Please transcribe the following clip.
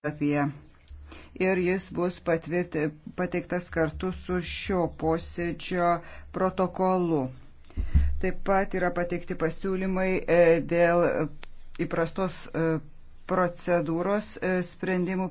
puslapyje. Ir jis bus patvirti, pateiktas kartu su šio posėdžio protokolu. Taip pat yra pateikti pasiūlymai e, dėl įprastos e, procedūros e, sprendimų